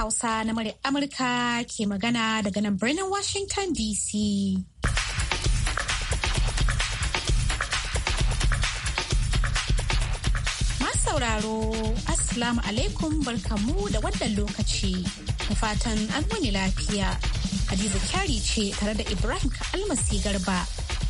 Hausa na Mare Amurka ke magana daga nan birnin Washington DC. sauraro Assalamu alaikum barkamu da wannan lokaci. Da fatan an wani lafiya. Hadiza kyari ce tare da Ibrahim Almasi Garba.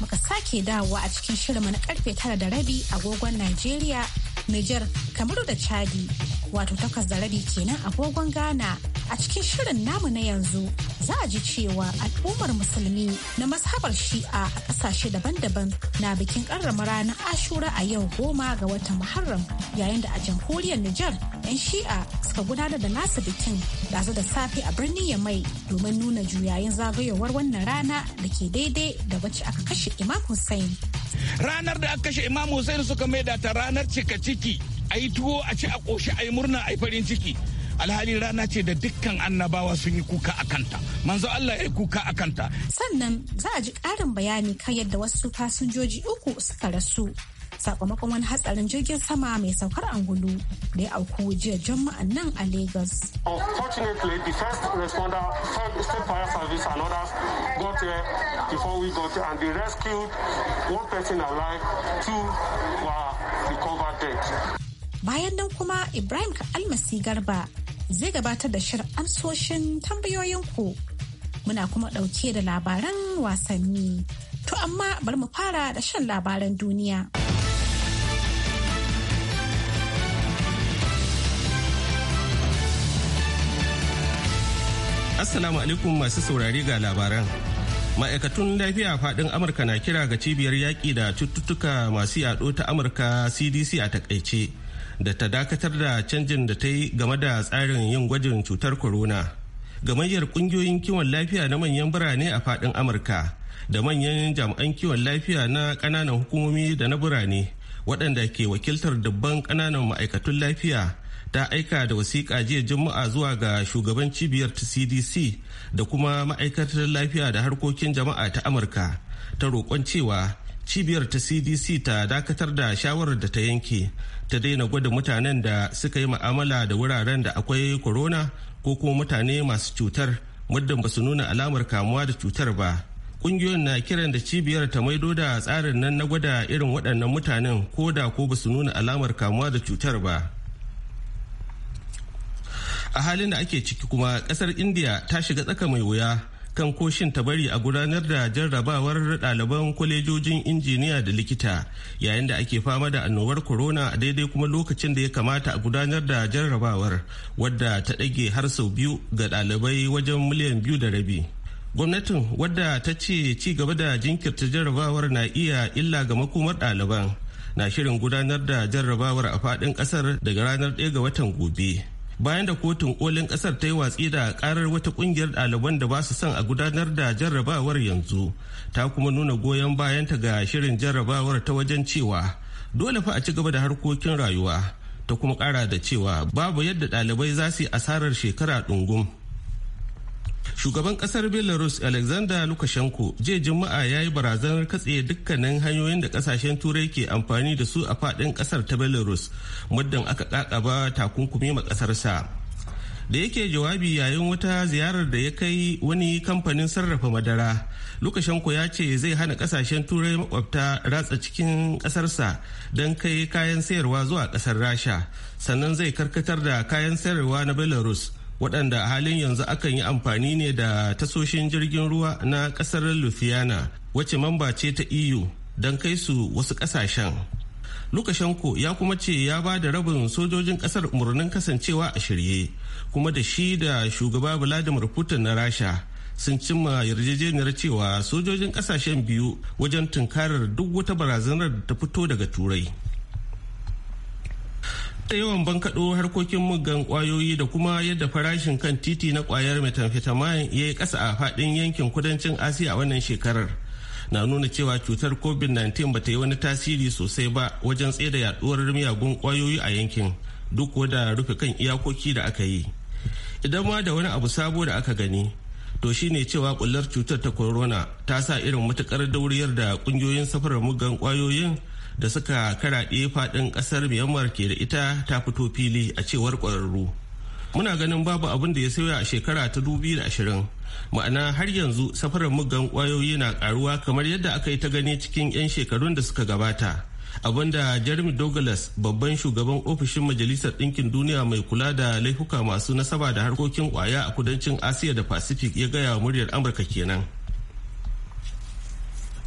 Muka sake dawowa a cikin shirin na karfe tara da rabi agogon Najeriya Nijar, Kamaru da Chadi, wato takwas da rabi kenan agogon Ghana A cikin shirin namu na yanzu za a ji cewa al'ummar musulmi na mashabar shi'a a kasashe daban-daban na bikin karrama ranar ashura a yau goma ga watan Muharram yayin da a jamhuriyar Nijar 'yan shi'a suka gudanar da nasu bikin dazu da safe a birnin mai domin nuna juyayin zagayowar wannan rana da ke daidai da wacce aka kashe Imam Hussein. Ranar da aka kashe Imam Hussein suka maida ta ranar cika ciki a yi tuwo a ci a ƙoshi a yi murna a yi farin ciki alhali rana ce da dukkan annabawa sun yi kuka a kanta manzo Allah ya yi kuka a kanta sannan za a ji ƙarin bayani kan yadda wasu fasinjoji uku suka rasu sakamakon wani hatsarin jirgin sama mai saukar angulu da ya auku jiya juma'an nan a Lagos. Unfortunately, the first state fire service and others got before we got Bayan nan kuma Ibrahim Almasi Garba zai gabatar da shirin amsoshin tambayoyin ku Muna kuma ɗauke da labaran wasanni. To amma bari mu fara da shan labaran duniya. Assalamu alaikum masu saurari ga labaran. ma'aikatun lafiya fadin amurka na kira ga cibiyar yaƙi da cututtuka masu yaɗo ta amurka cdc a takaice da ta dakatar da canjin da ta yi game da tsarin yin gwajin cutar corona gamayyar kungiyoyin kiwon lafiya na manyan birane a fadin amurka da manyan jami'an kiwon lafiya na kananan hukumomi da na birane waɗanda ke wakiltar dubban kananan ma'aikatun lafiya ta aika da wasiƙa jiya juma'a zuwa ga shugaban cibiyar ta cdc da kuma ma'aikatar lafiya da harkokin jama'a ta amurka ta roƙon cewa cibiyar ta cdc ta dakatar da shawarar da ta yanke ta daina gwada mutanen da suka yi ma'amala da wuraren da akwai corona ko kuma mutane masu cutar muddin ba su nuna alamar kamuwa da cutar ba kungiyoyin na kiran da cibiyar ta maido da tsarin nan na gwada irin waɗannan mutanen ko da ko ba su nuna alamar kamuwa da cutar ba a halin da ake ciki kuma ƙasar indiya ta shiga tsaka mai wuya kan koshin ta bari a gudanar da jarrabawar ɗaliban kwalejojin injiniya da likita yayin da ake fama da annobar corona a daidai kuma lokacin da ya kamata a gudanar da jarrabawar wadda ta ɗage har sau biyu ga ɗalibai wajen miliyan biyu da rabi. Gwamnatin wadda ta ce ci gaba da jinkirta jarrabawar na iya illa ga makomar ɗaliban na shirin gudanar da jarrabawar a faɗin ƙasar daga ranar ɗaya ga watan gobe. bayan da kotun kolin kasar ta yi watsi da karar wata kungiyar ɗaliban da ba su son a gudanar da jarrabawar yanzu ta kuma nuna goyon bayanta ga shirin jarrabawar ta wajen cewa dole fa a ci gaba da harkokin rayuwa ta kuma kara da cewa babu yadda ɗalibai za su yi asarar shekara ɗungum shugaban kasar belarus alexander lukashenko jiya juma'a ya yi barazanar katse dukkanin hanyoyin da kasashen turai ke amfani da su a fadin kasar ta belarus muddin aka kakaba takunkumi ma kasarsa da yake jawabi yayin wata ziyarar da ya kai wani kamfanin sarrafa madara lukashenko ya ce zai hana kasashen turai makwabta ratsa cikin kasarsa don kai kayan sayarwa zuwa kasar rasha sannan zai karkatar da kayan sayarwa na belarus waɗanda a halin yanzu akan yi amfani ne da tasoshin jirgin ruwa na ƙasar Lithuania wacce mamba ce ta EU don kai su wasu ƙasashen. Lukashenko ya kuma ce ya ba da rabin sojojin ƙasar umarnin kasancewa a shirye kuma da shi da shugaba Vladimir Putin na Rasha sun cimma yarjejeniyar cewa sojojin ƙasashen biyu wajen tunkarar duk wata barazanar da ta fito daga turai. da yawan bankaɗo harkokin muggan kwayoyi da kuma yadda farashin kan titi na ƙwayar methamphetamine ya yi kasa a faɗin yankin kudancin asiya wannan shekarar na nuna cewa cutar covid-19 ba ta yi wani tasiri sosai ba wajen tsaida yaduwar miyagun kwayoyi a yankin duk da rufe kan iyakoki da aka yi idan ma da wani abu sabo da aka gani to shine cewa kullar cutar ta corona ta sa irin matukar dauriyar da kungiyoyin safarar muggan kwayoyin. da suka karaɗe faɗin ƙasar myanmar ke da ita ta fito fili a cewar ƙwararru muna ganin babu abin da ya sauya a shekara ta dubi ashirin ma'ana har yanzu safarar mugan ƙwayoyi na ƙaruwa kamar yadda aka yi ta gani cikin 'yan shekarun da suka gabata da jeremy douglas babban shugaban ofishin majalisar ɗinkin duniya mai kula da laifuka masu nasaba da harkokin ƙwaya a kudancin asiya da pacific ya gaya wa muryar amurka kenan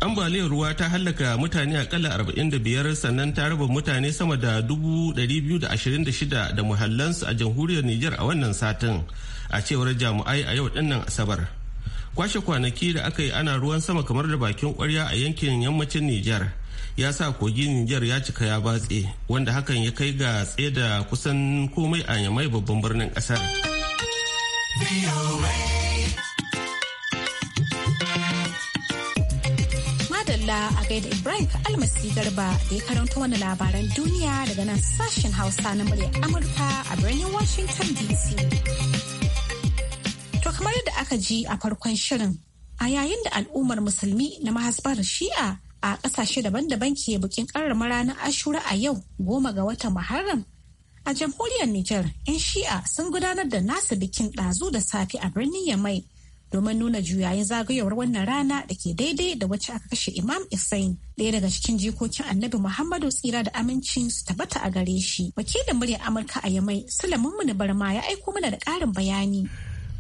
ambaliyar ruwa ta hallaka mutane akalla 45 sannan ta raba mutane sama da 226 da muhallansu a jamhuriyar Nijar a wannan satin a cewar jami'ai a yau dinnan Asabar. Kwashe kwanaki da aka yi ana ruwan sama kamar da bakin kwarya a yankin yammacin Nijar ya sa kogi Nijar ya cika ya batse wanda hakan ya kai ga tsaye da kusan komai a yamai babban birnin kasar. Madalla a gaida Ibrahim Almasi Garba da ya karanta wani labaran duniya daga nan sashen Hausa na murya Amurka a birnin Washington DC. To kamar yadda aka ji a farkon shirin, a yayin da al'ummar musulmi na mahasbar shi'a a ƙasashe daban-daban ke bukin karrama ranar ashura a yau goma ga watan Muharram. A jamhuriyar Nijar, 'yan shi'a sun gudanar da nasu bikin ɗazu da safe a birnin Yamai domin nuna juyayin zagayowar wannan rana da ke daidai da wacce aka kashe Imam isain ɗaya daga cikin jikokin Annabi Muhammadu tsira da amincin su tabbata a gare shi. Wakilin muryar Amurka a Yamai Sulaiman Muni Barma ya aiko mana da ƙarin bayani.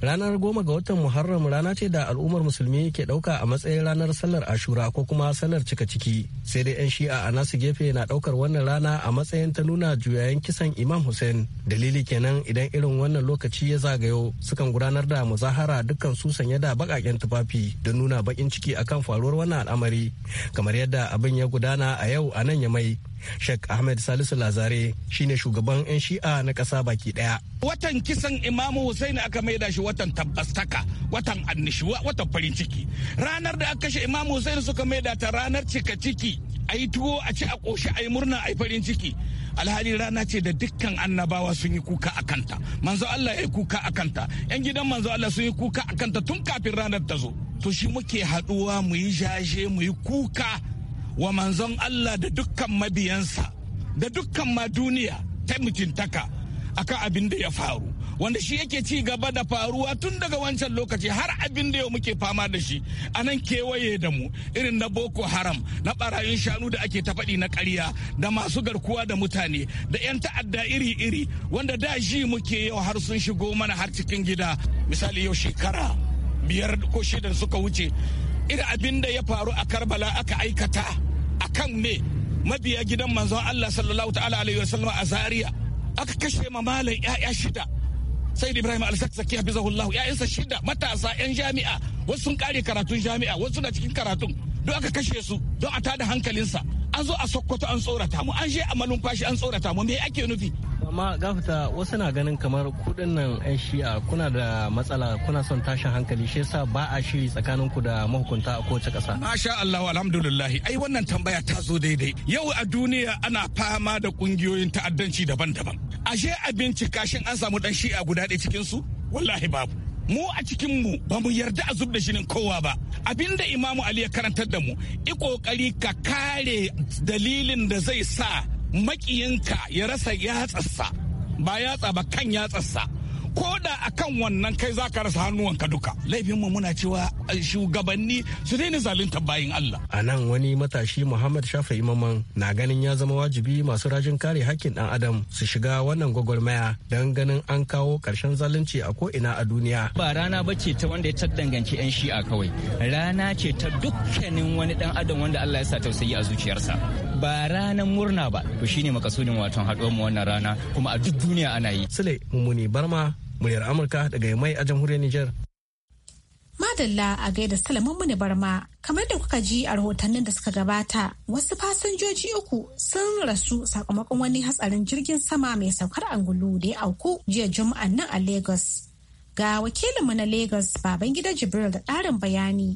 ranar goma ga watan muharram rana ce da al'ummar musulmi ke ɗauka a matsayin ranar sallar ashura ko kuma sallar cika ciki sai dai 'yan shi'a a nasu gefe na ɗaukar wannan rana a matsayin ta nuna juyayen kisan imam hussein dalili kenan idan irin wannan lokaci ya zagayo sukan gudanar da muzahara dukkan su sanye da baƙaƙen tufafi don nuna baƙin ciki akan faruwar wannan al'amari kamar yadda abin ya gudana a yau a nan ya mai Sheikh Ahmed Salisu Lazare shine shugaban 'yan shi'a na ƙasa baki ɗaya. Watan kisan Imamu Hussein aka maida shi watan tabbastaka, watan annishuwa, watan farin ciki. Ranar da aka kashe Imamu Hussein suka maida ta ranar cika ciki, a yi tuwo a ci a ƙoshi a yi murna a yi farin ciki. alhali rana ce da dukkan annabawa sun yi kuka a kanta manzo Allah ya yi kuka a kanta yan gidan manzo Allah sun yi kuka a kanta tun kafin ranar ta zo to shi muke haɗuwa mu yi jaje mu yi kuka wa manzon Allah da dukkan mabiyansa da dukkan ma duniya ta mutuntaka akan abin da ya faru wanda shi yake ci gaba da faruwa tun daga wancan lokaci har abin da yau muke fama da shi a nan kewaye da mu irin na boko haram na barayin shanu da ake ta faɗi na ƙarya da masu garkuwa da mutane da 'yan ta'adda iri-iri wanda da shi muke yau har sun shigo mana har cikin gida misali yau shekara biyar ko shidan suka wuce irin abin da ya faru a karbala aka aikata a kan me mabiya gidan manzon allah sallallahu ta'ala alaihi wasallam a zaria aka kashe ma malam ya'ya shida sai ibrahim al-zakzaki hafizahullah ya'yansa shida matasa yan jami'a wasu sun kare karatun jami'a wasu na cikin karatun don aka kashe su don a tada hankalinsa an zo a sokoto an tsorata mu an je a manumfashi an tsorata mu me ake nufi amma gafita wasu na ganin kamar kudin nan 'yan shi'a kuna da matsala kuna son tashin hankali shi yasa ba a shiri tsakanin ku da mahukunta a kowace kasa masha Allah alhamdulillah ai wannan tambaya ta zo daidai yau a duniya ana fama da kungiyoyin ta'addanci daban-daban ashe a bincika shin an samu dan shi'a guda ɗaya cikin su wallahi babu mu a cikin mu ba mu yarda a zub da shirin kowa ba abinda imamu ali ya karantar da mu i kokari ka kare dalilin da zai sa makiyinka ya rasa yatsarsa ba yatsa ba kan yatsarsa ko da a kan wannan kai za ka rasa hannuwanka duka laifin mu muna cewa eh, shugabanni su daina zalunta bayin Allah a nan wani matashi Muhammad Shafa Imaman na ganin ya zama wajibi masu rajin kare hakkin dan adam su shiga wannan gwagwarmaya dan ganin an kawo karshen zalunci a ko ina a duniya ba rana bace ta wanda ya danganci yan shi'a kawai rana ce ta dukkanin wani dan adam wanda Allah ya sa tausayi a zuciyarsa ba ranar murna ba to shine makasudin watan haɗuwar mu wannan rana kuma a duk duniya ana yi sule mummuni barma muryar amurka daga mai a jamhuriyar niger madalla a gaida salaman ne barma kamar da kuka ji a rahotannin da suka gabata wasu fasinjoji uku sun rasu sakamakon wani hatsarin jirgin sama mai saukar angulu da ya auku jiya juma'an nan a lagos ga wakilinmu na lagos baban gida jibril da ƙarin bayani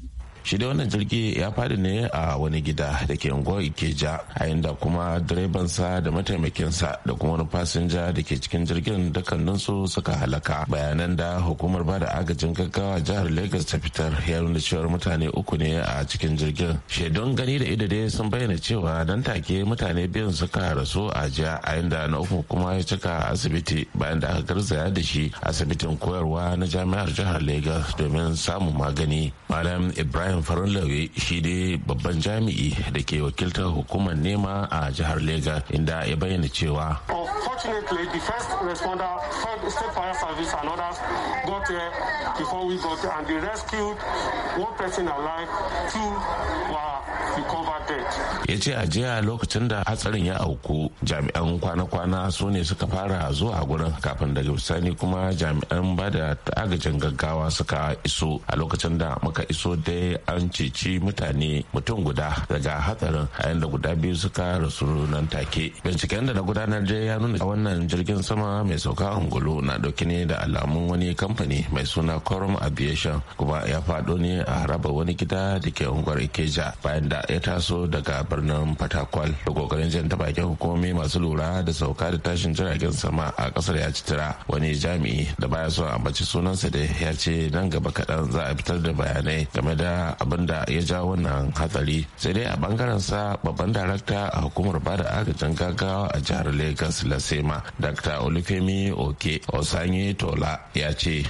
shi da wannan jirgi ya fadi ne a wani gida da ke unguwar ikeja a inda kuma direbansa da mataimakinsa da kuma wani fasinja da ke cikin jirgin dukkaninsu suka halaka bayanan da hukumar ba da agajin gaggawa jihar lagos ta fitar ya nuna cewar mutane uku ne a cikin jirgin shaidun gani da ido dai sun bayyana cewa dan take mutane biyan suka rasu a jiya a inda na uku kuma ya cika asibiti bayan da aka garzaya da shi asibitin koyarwa na jami'ar jihar lagos domin samun magani malam ibrahim ibrahim farin shi ne babban jami'i da ke wakiltar hukumar nema a jihar legas inda ya bayyana cewa Unfortunately, the first responder, state fire service and others got here before we got and they rescued one person alive, two were ya ce a jiya lokacin da hatsarin ya auku jami'an kwana-kwana su ne suka fara zuwa gurin kafin daga bisani kuma jami'an ba da agajin gaggawa suka iso a lokacin da muka iso dai an ceci mutane mutum guda daga hatsarin a yadda guda biyu suka rasu nan take binciken da na gudanar dai ya nuna wannan jirgin sama mai sauka angulu na ɗauke ne da alamun wani kamfani mai suna corum aviation kuma ya fado ne a haraba wani gida da ke unguwar ikeja bayan da ya taso daga birnin fatakwal da kokarin jan ta bakin hukumomi masu lura da sauka da tashin jiragen sama a kasar ya citira wani jami'i da baya son ambaci sunansa da ya ce nan gaba kaɗan za a fitar da bayanai game da abin da ya ja wannan hatsari sai dai a bangaren sa babban darakta a hukumar bada agajin gaggawa a jihar lagos lasema dr olufemi oke osanye tola ya ce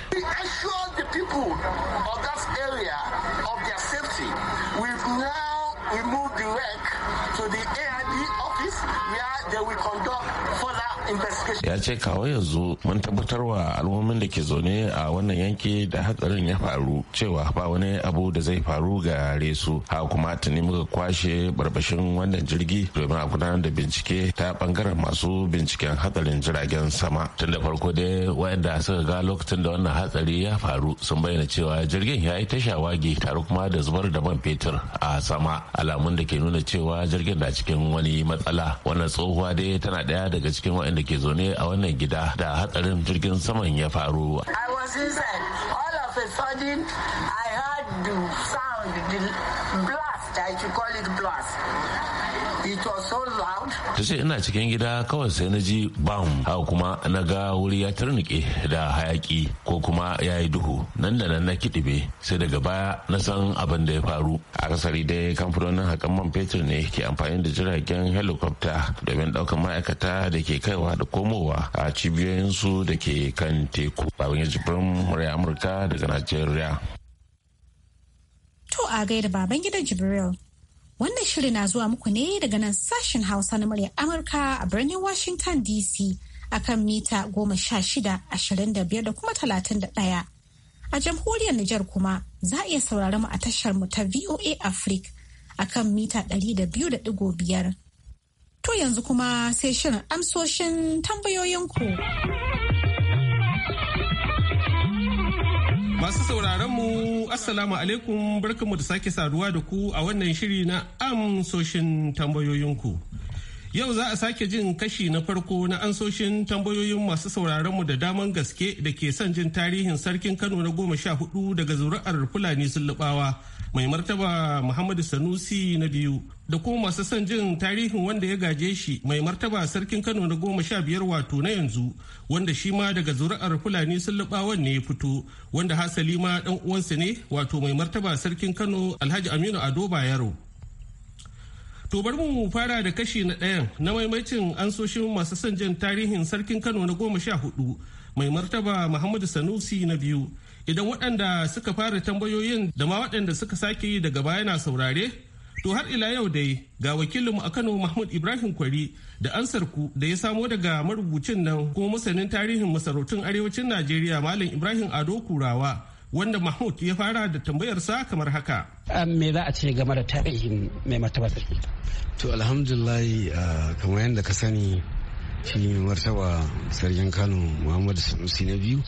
ya ce kawo yanzu mun tabbatar wa al'ummomin da ke zaune a wannan yanki da hatsarin ya faru cewa ba wani abu da zai faru ga resu ha kuma tuni muka kwashe barbashin wannan jirgi domin a gudanar da bincike ta bangaren masu binciken hatsarin jiragen sama tun da farko dai wayanda suka ga lokacin da wannan hatsari ya faru sun bayyana cewa jirgin ya yi ta shawagi tare kuma da zubar da man fetur a sama alamun da ke nuna cewa jirgin na cikin wani matsala wannan tsohuwa dai tana ɗaya daga cikin wayanda ke zaune a wannan gida da hatsarin jirgin saman ya faru. I heard the sound, the blast. like you call Ta ce ina cikin gida kawai sai na ji bam haka kuma na ga wuri ya turnike da hayaki ko kuma ya yi duhu nan da nan na kiɗibe sai daga baya na san abin da ya faru. A kasari dai kamfanonin hakan man fetur ne ke amfani da jiragen helikopta domin ɗaukar ma'aikata da ke kaiwa da komowa a cibiyoyinsu da ke kan teku. Babin ya murya Amurka daga Najeriya. To a gaida baban gidan Jibril. Wannan shiri na zuwa muku ne daga nan sashen Hausa na muryar Amurka a birnin Washington DC akan mita goma sha shida ashirin da biyar da kuma talatin da ɗaya. A jamhuriyar Nijar kuma za a iya saurari mu a tashar mu ta VOA Africa akan mita ɗari da biyu da ɗigo biyar. To yanzu kuma sai shirin amsoshin tambayoyinku. Masu sauraron mu Assalamu alaikum barkanmu da sake saduwa da ku a wannan shiri na amsoshin tambayoyinku. Yau za a sake jin kashi na farko na ansoshin tambayoyin masu sauraron mu da daman gaske da ke son jin tarihin sarkin Kano na goma sha hudu daga zuri'ar Fulani Sullubawa mai martaba Muhammadu Sanusi na biyu da kuma masu son jin tarihin wanda ya gaje shi mai martaba sarkin kano na goma sha biyar wato na yanzu wanda shi ma daga zuri'ar fulani sullubawan ne ya fito wanda hasali ma dan uwansa ne wato mai martaba sarkin kano alhaji aminu ado bayero to bari mu fara da kashi na ɗayan na maimacin ansoshin masu son jin tarihin sarkin kano na goma sha hudu mai martaba muhammadu sanusi na biyu idan waɗanda suka fara tambayoyin da ma waɗanda suka sake yi daga baya na saurare To har ila yau dai ga wakilinmu a Kano Mahmud Ibrahim Kwari da ansar ku da ya samo daga marubucin nan kuma masanin tarihin masarautun arewacin Najeriya Malam Ibrahim Ado Kurawa wanda Mahmud ya fara da tambayarsa kamar haka. me za a ce game da tarihin mai martaba sarki? To alhamdulillah ah, kamar yadda ka sani shi martaba sarkin Kano Muhammadu Sanusi na biyu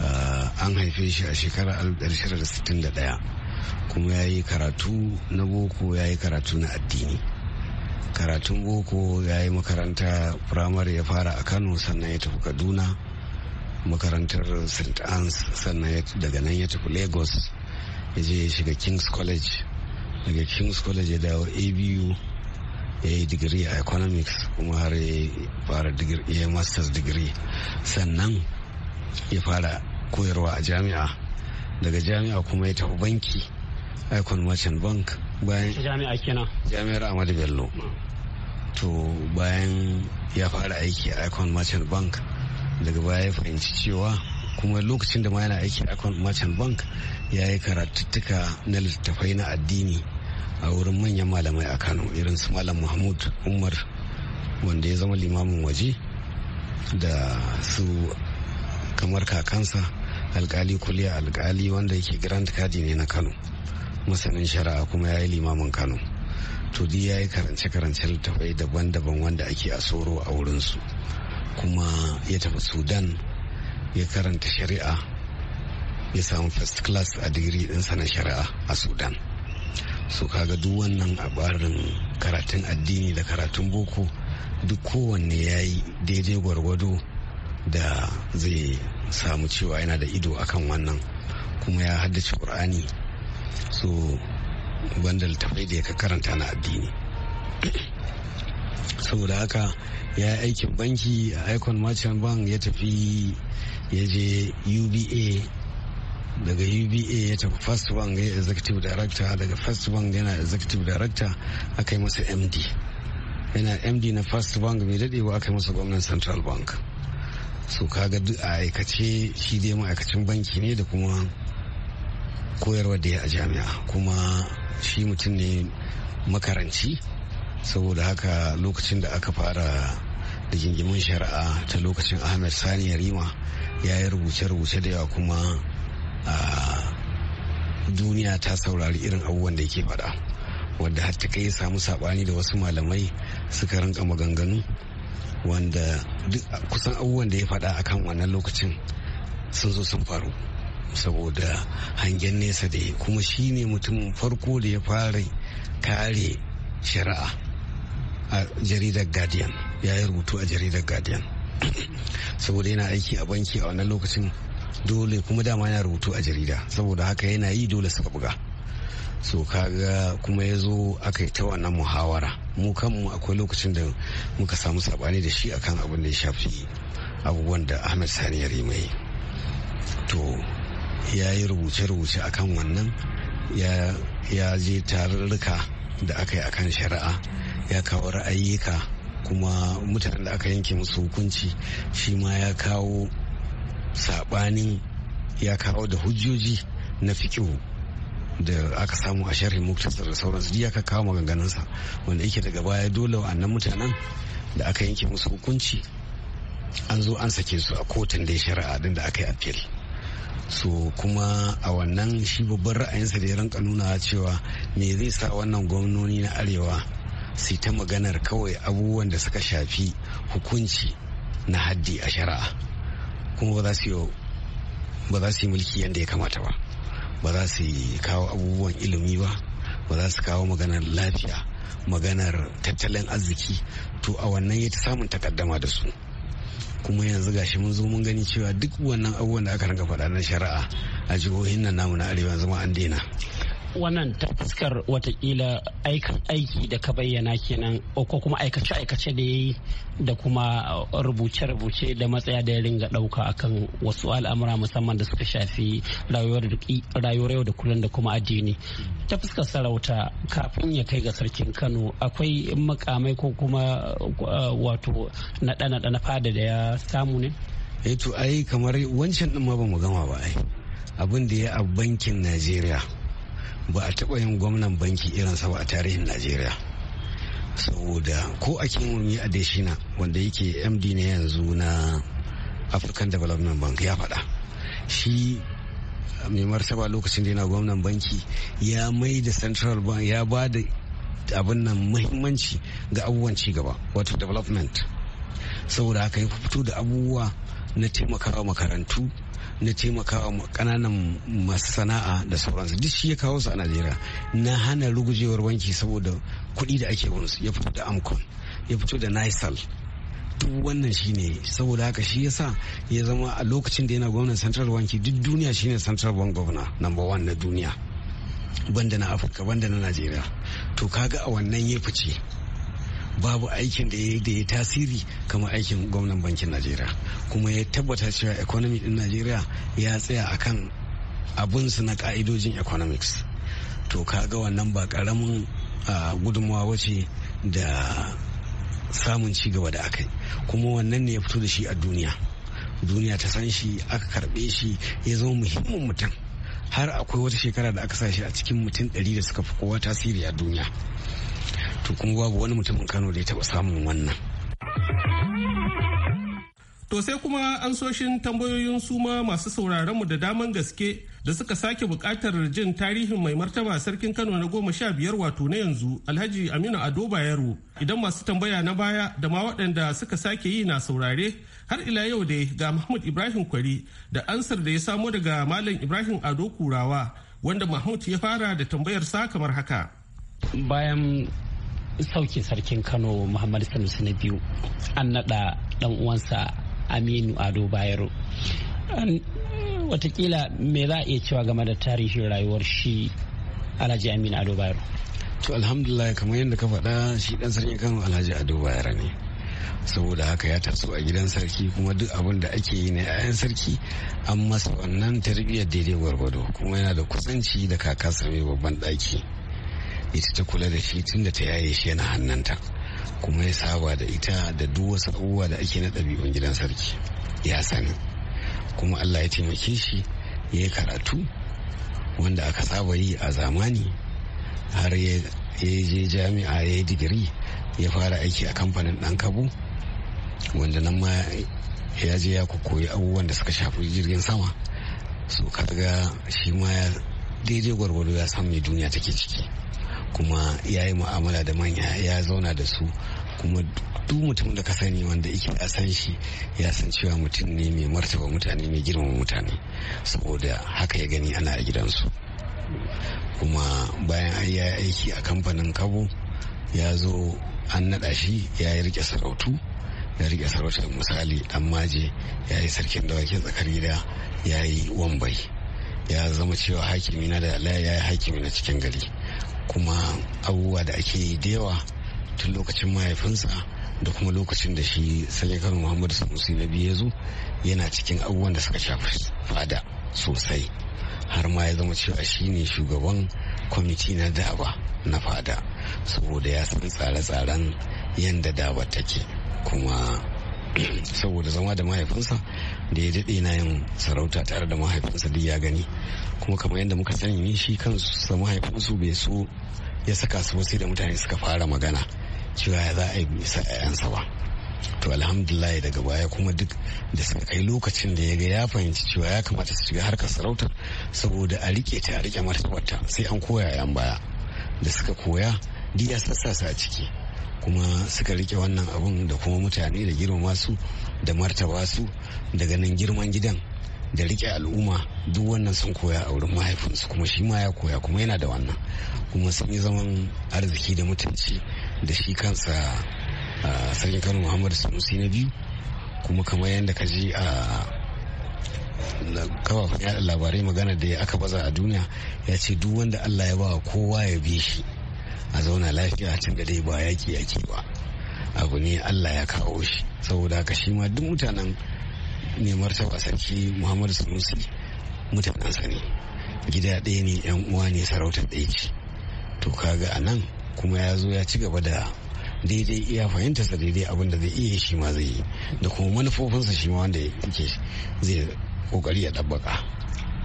ah, an haife shi a shekarar 1961. kuma ya yi karatu na boko ya yi karatu na addini karatun boko ya yi makaranta firamare ya fara a kano sannan ya tafi kaduna makarantar st anne's sannan daga nan ya tafi lagos ya je ya shiga king's college daga king's college ya dawo abu ya yi digiri a economics kuma har ya fara masters digiri sannan ya fara koyarwa a jami'a daga jami'a kuma ya tafi banki icon merchant bank bayan jami'a kenan jami'ar Amadu bello mm. to bayan ya fara aiki a icon merchant bank daga baya ya fahimci cewa kuma lokacin da ma yana aiki a icon merchant bank ya yi karatuttuka na littattafai na addini a wurin manyan malamai a kano irin su malam mahmud umar wanda ya zama limamin waje da su kamar kakansa alkali kuliya alkali wanda yake grand kadi ne na kano masanin shari'a kuma ya yi limamin kano to duk ya yi karance-karance littafai daban-daban wanda ake a soro a wurinsu kuma ya tafi sudan ya karanta shari'a ya samu first class a digiri ɗinsa na shari'a a sudan so kaga duk wannan abarin karatun addini da karatun boko duk kowanne ya yi daidai gwargwado da zai samu cewa yana da ido akan wannan kuma ya haddace ƙur'ani so wanda littafai da ya karanta na addini saboda haka ya yi aikin banki a icon merchant bank ya tafi ya je uba daga uba ya tafi first bank ya executive director daga first bank yana executive director aka yi masa md yana md na first bank mai dadewa aka yi masa gwamnan central bank so kaga duk a aikace shi dai ma'aikacin banki ne da kuma koyarwa da ya a jami'a kuma shi mutum ne makaranci saboda haka lokacin da aka fara da jingimin shari'a ta lokacin ahmed sani yarima ya yi rubuce-rubuce da yawa kuma duniya ta saurari irin abubuwan da yake faɗa wadda hatta kai samu saɓani da wasu malamai suka rinka maganganu wanda duk kusan abubuwan da ya faɗa akan wannan lokacin sun zo sun faru saboda hangen nesa da kuma shi ne mutum farko da ya fara kare shari'a a jaridar guardian ya yi rubutu a jaridar guardian saboda yana aiki a banki a wannan lokacin dole kuma dama yana rubutu a jarida saboda haka yana yi dole suka buga so kaga kuma ya zo aka yi ta wannan muhawara mu kanmu akwai lokacin da muka samu sabani da shi akan abin da ya shafi abubuwan da ahmed sani ya mai to ya yi rubuce-rubuce akan wannan ya je tarurruka da aka yi akan shari'a ya kawo ra'ayyuka kuma mutanen da aka yanke musu hukunci shi ma ya kawo sabanin ya kawo da hujjoji na fikihu da aka samu a sharhin muktasar da sauransu ji aka kawo maganganunsa wanda yake daga baya dole wa'annan mutanen da aka yanke musu hukunci an zo an sake su a kotun da ya shari'a din da aka yi appeal so kuma a wannan shi babban ra'ayinsa da ya ranka nuna cewa me zai sa wannan gwamnoni na arewa sai ta maganar kawai abubuwan da suka shafi hukunci na haddi a shari'a kuma ba za su yi mulki yadda ya kamata ba ba za su kawo abubuwan ilimi ba ba za su kawo maganar lafiya maganar tattalin arziki to a wannan ya ta samun takaddama da su kuma yanzu gashi mun zo mun gani cewa duk wannan abubuwan da aka rinka faɗa na shari'a a jihohin nan namu na arewa zama an daina wannan ta fuskar watakila aiki da ka bayyana kenan ko kuma aikace-aikace da ya yi da kuma rubuce-rubuce da matsaya da ya ringa ɗauka akan wasu al'amura musamman da suka shafi rayuwar yau da kullum da kuma addini ta fuskar sarauta kafin ya kai ga sarkin kano akwai makamai ko kuma eh, wato naɗa-naɗa na fada da ya samu ne eh to ai kamar wancan ɗin ma ba mu gama ba ai abin da ya a bankin najeriya ba a taɓa yin gwamnan banki irin sa ba a tarihin najeriya saboda ko a kinwumi a daishina wanda yake md ne yanzu na african development bank ya faɗa shi eh, mai martaba lokacin da yana gwamnan banki ya mai da central bank ya ba da abin nan muhimmanci ga abubuwan gaba wato development saboda haka ya fito da abubuwa na taimakawa makarantu na taimakawa kananan masana'a da sauransu duk shi ya kawo su a najeriya na hana rugujewar wanki saboda kuɗi da ake wunsu ya fito da amcon ya fito da nisal duk wannan shi ne saboda haka shi yasa ya zama a lokacin da yana gwamnan central wanki duk duniya shi ne central bank governor number one na duniya banda na afirka banda na najeriya to kaga a wannan ya fice babu aikin da ya yi tasiri kamar aikin gwamnan bankin najeriya kuma ya tabbata cewa economy din najeriya ya tsaya akan abinsu na ka'idojin economics to kaga wannan ba karamin gudunmawa wace da samun cigaba da aka yi kuma wannan ne ya fito da shi a duniya duniya ta san shi aka karbe shi ya zama muhimmin mutum har akwai wata shekara da aka sa shi a cikin mutum 100 da suka fi kowa tasiri a duniya to kuma babu wani mutumin kano da ya taɓa samun wannan To sai kuma ansoshin tambayoyin suma masu sauraron mu da daman gaske da suka sake buƙatar jin tarihin mai martaba sarkin Kano na goma sha biyar wato na yanzu Alhaji Aminu Ado Bayero idan masu tambaya na baya da ma waɗanda suka sake yi na saurare har ila yau dai ga Mahmud Ibrahim Kwari da ansar da ya samo daga Malam Ibrahim Ado Kurawa wanda Mahmud ya fara da tambayar sa kamar haka. Bayan sauke sarkin kano muhammadu sanusi na biyu an naɗa ɗan uwansa aminu ado bayero watakila me za a iya cewa game da tarihin rayuwar shi alhaji aminu ado bayero to alhamdulillah kamar yadda ka faɗa shi ɗan sarkin kano alhaji ado bayero ne saboda haka ya taso a gidan sarki kuma duk abin da ake yi na 'ya'yan sarki an masa wannan tarbiyyar daidai gwargwado kuma yana da kusanci da kaka mai babban ɗaki ita ta kula da shi tun da ta yaye shi yana hannunta kuma ya saba da ita da duk wasu abubuwa da ake na ɗabi'un gidan sarki ya sani kuma allah ya taimake shi ya yi karatu wanda aka saba yi a zamani har ya je jami'a ya yi digiri ya fara aiki a kamfanin ɗan kabu wanda nan ma ya je ya koyi abubuwan da suka shafi jirgin sama so karga shi ma ya daidai gwargwado ya san mai duniya take ciki kuma ya yi mu'amala da manya ya zauna da su kuma duk mutum da ka sani wanda yake a san shi ya san cewa mutum ne mai martaba mutane mai girmama mutane saboda haka ya gani ana a gidansu kuma bayan an ya aiki a kamfanin kabo ya zo an naɗa shi ya yi rike sarautu ya rike sarautar misali dan maje ya yi sarkin dawakin tsakar gida ya yi wambai ya zama cewa hakimi na da ya yi hakimi na cikin gari kuma abubuwa da ake yi da yawa tun lokacin mahaifinsa da kuma lokacin da shi salekar muhammadu sanusi na biyu ya zo yana cikin abubuwan da suka shafi fada sosai har ma ya zama cewa shi ne shugaban kwamiti na daba na fada saboda ya san tsare-tsaren yadda daba take kuma saboda zama da mahaifinsa da ya daɗe na yin sarauta tare da mahaifinsa duk ya gani kuma kamar yadda muka sani ne shi kansu mahaifinsu bai so ya saka su sai da mutane suka fara magana cewa ya za a yi bisa 'ya'yansa ba to alhamdulillah daga baya kuma duk da suka kai lokacin da ya ga ya fahimci cewa ya kamata su shiga harkar sarauta saboda a rike ta a rike martabarta sai an koya yan baya da suka koya duk ya sassa su a ciki kuma suka rike wannan abun da kuma mutane da girmama su da martaba su da ganin girman gidan da rike al'umma duk wannan sun koya a wurin mahaifinsu kuma shi ma ya koya kuma yana da wannan kuma sun yi zaman arziki da mutunci da shi kansa sarki kano muhammadu sanusi na biyu kuma kamar yadda ka ji a kafafen yada labarai magana da aka baza a duniya ya ce duk wanda allah ya ba kowa ya bi shi a zauna lafiya tun da dai ba yaki yaki ba abu ne allah ya kawo shi saboda haka shi ma duk mutanen ne ta sarki muhammadu sanusi mutanensa ne gida ɗaya ne yan uwa ne sarautar ɗaya ce to kaga a nan kuma ya zo ya ci gaba da daidai iya sa daidai abin da zai iya shi ma zai yi da kuma manufofinsa shi ma wanda yake zai kokari ya ɗabbaka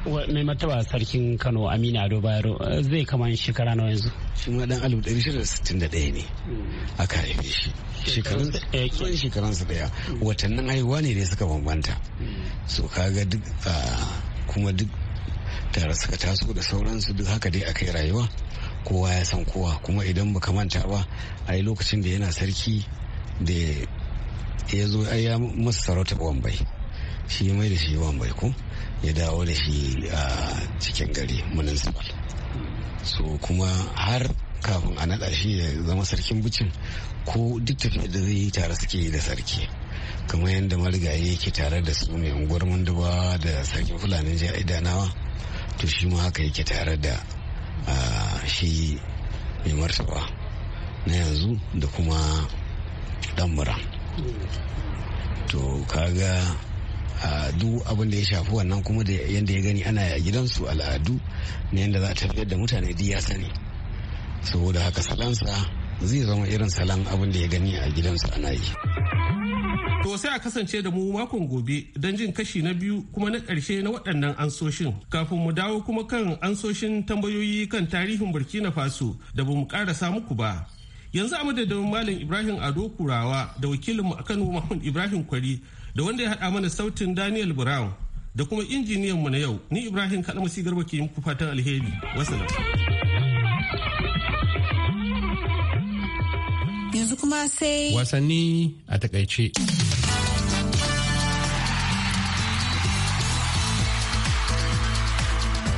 mai mataba sarkin kano amina ado bayero eh, zai kama shekara na yanzu shi ma dan alif ɗari shida sittin da ɗaya ne hmm. aka haife shi shekarun su daya hmm. watannin haihuwa ne da suka bambanta hmm. so kaga duk ah, kuma duk tare suka taso da sauransu duk haka dai aka yi rayuwa kowa ya san kowa kuma idan baka manta ba a yi lokacin da yana sarki da ya zo ya masa sarauta wambai shi mai da shi yawan baiko ya dawo da shi a cikin gari municipal so kuma har kafin a naɗa shi ya zama sarkin bucin ko duk tafiyar da zai yi tare suke da sarki kamar yadda marigayi yake tare da su mai unguwar munduba da sarkin fulanin jihar idanawa to shi ma haka yake tare da shi mai martaba na yanzu da kuma dan mura to kaga duk abin da ya shafi wannan kuma da yadda ya gani ana a gidansu al'adu na yadda za a tafiyar da mutane duk ya sani saboda haka salansa zai zama irin salan abin da ya gani a gidansu ana yi To sai a kasance da mu makon gobe don jin kashi na biyu kuma na ƙarshe na waɗannan ansoshin. Kafin mu dawo kuma kan ansoshin tambayoyi kan tarihin Burkina Faso da ba mu ƙarasa muku ba. Yanzu a madadin Malam Ibrahim Ado Kurawa da wakilinmu a Kano Mahmud Ibrahim Kwari da wanda ya haɗa mana sautin Daniel Brown da kuma injiniyan mu na yau ni Ibrahim Kalmasi Garba ke muku fatan alheri. Wassalam. Yanzu kuma sai wasanni a takaice.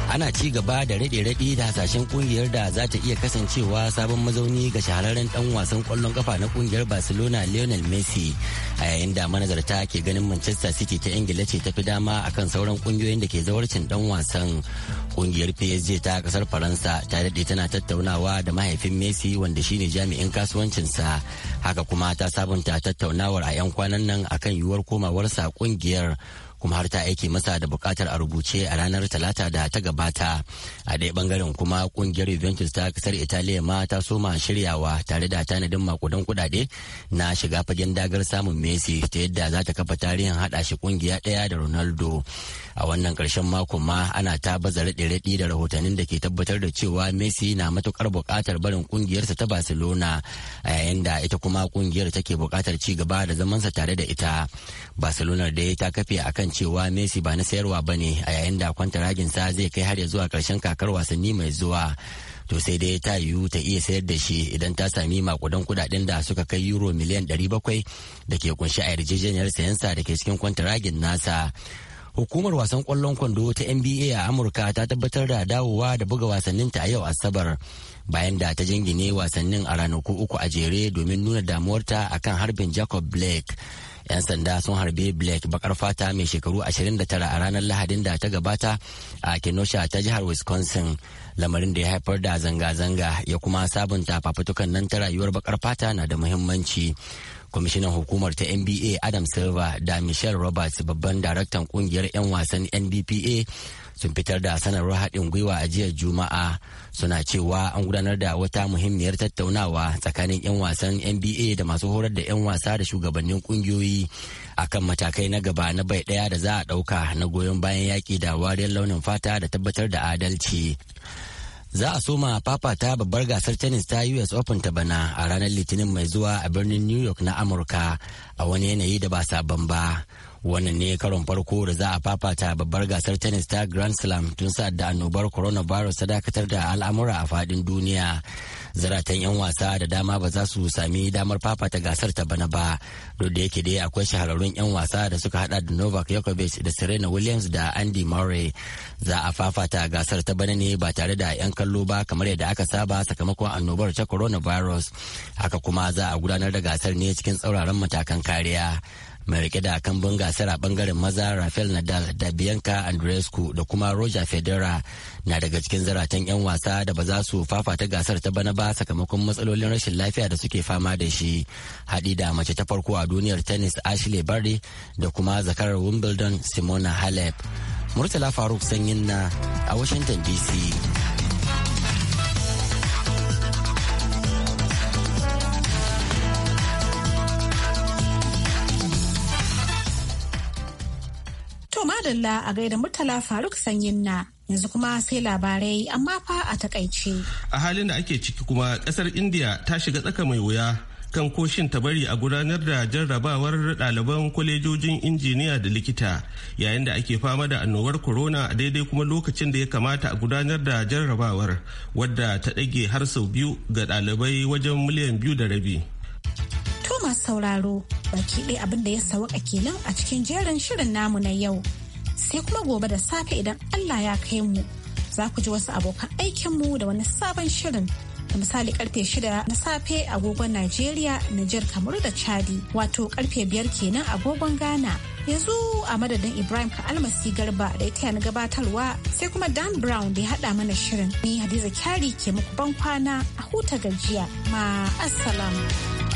ana ci gaba da raɗe-raɗe da hasashen kungiyar da za ta iya kasancewa sabon mazauni ga shahararren dan wasan kwallon kafa na kungiyar barcelona lionel messi a yayin da manazarta ke ganin manchester city ta ingila ce ta fi dama akan sauran kungiyoyin da ke zawarcin dan wasan kungiyar psg ta kasar faransa ta daɗe tana tattaunawa da mahaifin messi wanda shine jami'in kasuwancinsa haka kuma ta sabunta tattaunawar a 'yan kwanan nan akan yiwuwar komawarsa kungiyar kuma har ta aiki masa da bukatar a rubuce a ranar talata da ta gabata a ɗaya bangaren kuma kungiyar juventus ta kasar italiya ma ta soma shiryawa tare da tanadin makudan kudade na shiga fagen dagar samun messi ta yadda za ta kafa tarihin haɗa shi kungiya ɗaya da ronaldo a wannan ƙarshen mako ma ana ta baza raɗe-raɗi da rahotannin da ke tabbatar da cewa messi na matukar bukatar barin kungiyarsa ta barcelona a yayin da ita kuma kungiyar take bukatar ci gaba da zamansa tare da ita barcelona dai ta kafe akan cewa Messi ba na sayarwa ba ne a yayin da kwantaraginsa zai kai har ya zuwa karshen kakar wasanni mai zuwa. To sai dai ta yiwu ta iya sayar da shi idan ta sami makudan kudaden da suka kai euro miliyan 700 da ke kunshi a yarjejeniyar sayansa da ke cikin kwantaragin nasa. hukumar wasan kwallon kwando ta nba a amurka ta tabbatar da dawowa da buga wasannin ta a yau asabar bayan da ta jingine wasannin a ranaku uku a jere domin nuna damuwarta akan harbin jacob blake 'yan sanda sun harbe blake bakar fata mai shekaru 29 a ranar lahadin da ta gabata a kenosha ta jihar wisconsin lamarin da ya haifar da zanga-zanga ya kuma sabunta fafutukan nan ta rayuwar bakar fata na da muhimmanci kwamishinan hukumar ta nba adam silva da michelle roberts babban daraktan kungiyar 'yan wasan nbpa sun fitar da sanarwar haɗin gwiwa a jiya juma'a suna cewa an gudanar da wata muhimmiyar tattaunawa tsakanin 'yan wasan nba da masu horar da 'yan wasa da shugabannin kungiyoyi akan matakai na gaba na bai ɗaya da za a ɗauka na goyon bayan yaƙi da wariyar launin fata da tabbatar da adalci za a soma fafata babbar gasar tennis ta us open ta bana a ranar litinin mai zuwa a birnin new york na amurka a wani yanayi da ba sabon ba wannan ne karon farko da za a fafata babbar gasar tennis ta grand slam tun sa da annobar coronavirus ta dakatar da al'amura a fadin duniya zaratan 'yan wasa da dama ba za su sami damar fafata gasar ta bana ba duk da yake dai akwai shahararrun 'yan wasa da suka hada da novak yakovic da serena williams da andy murray za a fafata gasar ta bana ne ba tare da 'yan kallo ba kamar yadda aka saba sakamakon annobar ta coronavirus haka kuma za a gudanar da gasar ne cikin tsauraran matakan kariya mai rike da kambun gasar a bangaren maza rafael nadal da bianca andreescu da kuma roger federer na daga cikin zaratan 'yan wasa da ba za su fafata gasar ta bana ba sakamakon matsalolin rashin lafiya da suke fama da shi haɗi da mace ta farko a duniyar tennis ashley barry da kuma zakarar wimbledon simona halep murtala faruk sanyin na a washington dc madalla a gaida Murtala Faruk Sanyin na yanzu kuma sai labarai amma fa a takaice. A halin da ake ciki kuma kasar India ta shiga tsaka mai wuya kan koshin ta bari a gudanar da jarrabawar ɗaliban kwalejojin injiniya da likita yayin da ake fama da annobar corona a daidai kuma lokacin da ya kamata a gudanar da jarrabawar wadda ta ɗage har sau biyu ga ɗalibai wajen miliyan biyu da rabi. To masu sauraro baki ɗaya abin da ya sawa kenan a cikin jerin shirin namu na yau sai kuma gobe da safe idan Allah ya kai mu za ku ji wasu abokan aikinmu da wani sabon shirin da misali karfe shida na safe agogon Najeriya, Nijar, Kamaru da Chadi wato karfe biyar kenan agogon Ghana. Yanzu a madadin Ibrahim ka Almasi Garba da ita na gabatarwa sai kuma Dan Brown da ya haɗa mana shirin. Ni Hadiza Kyari ke muku ban kwana a huta gajiya. Ma assalamu.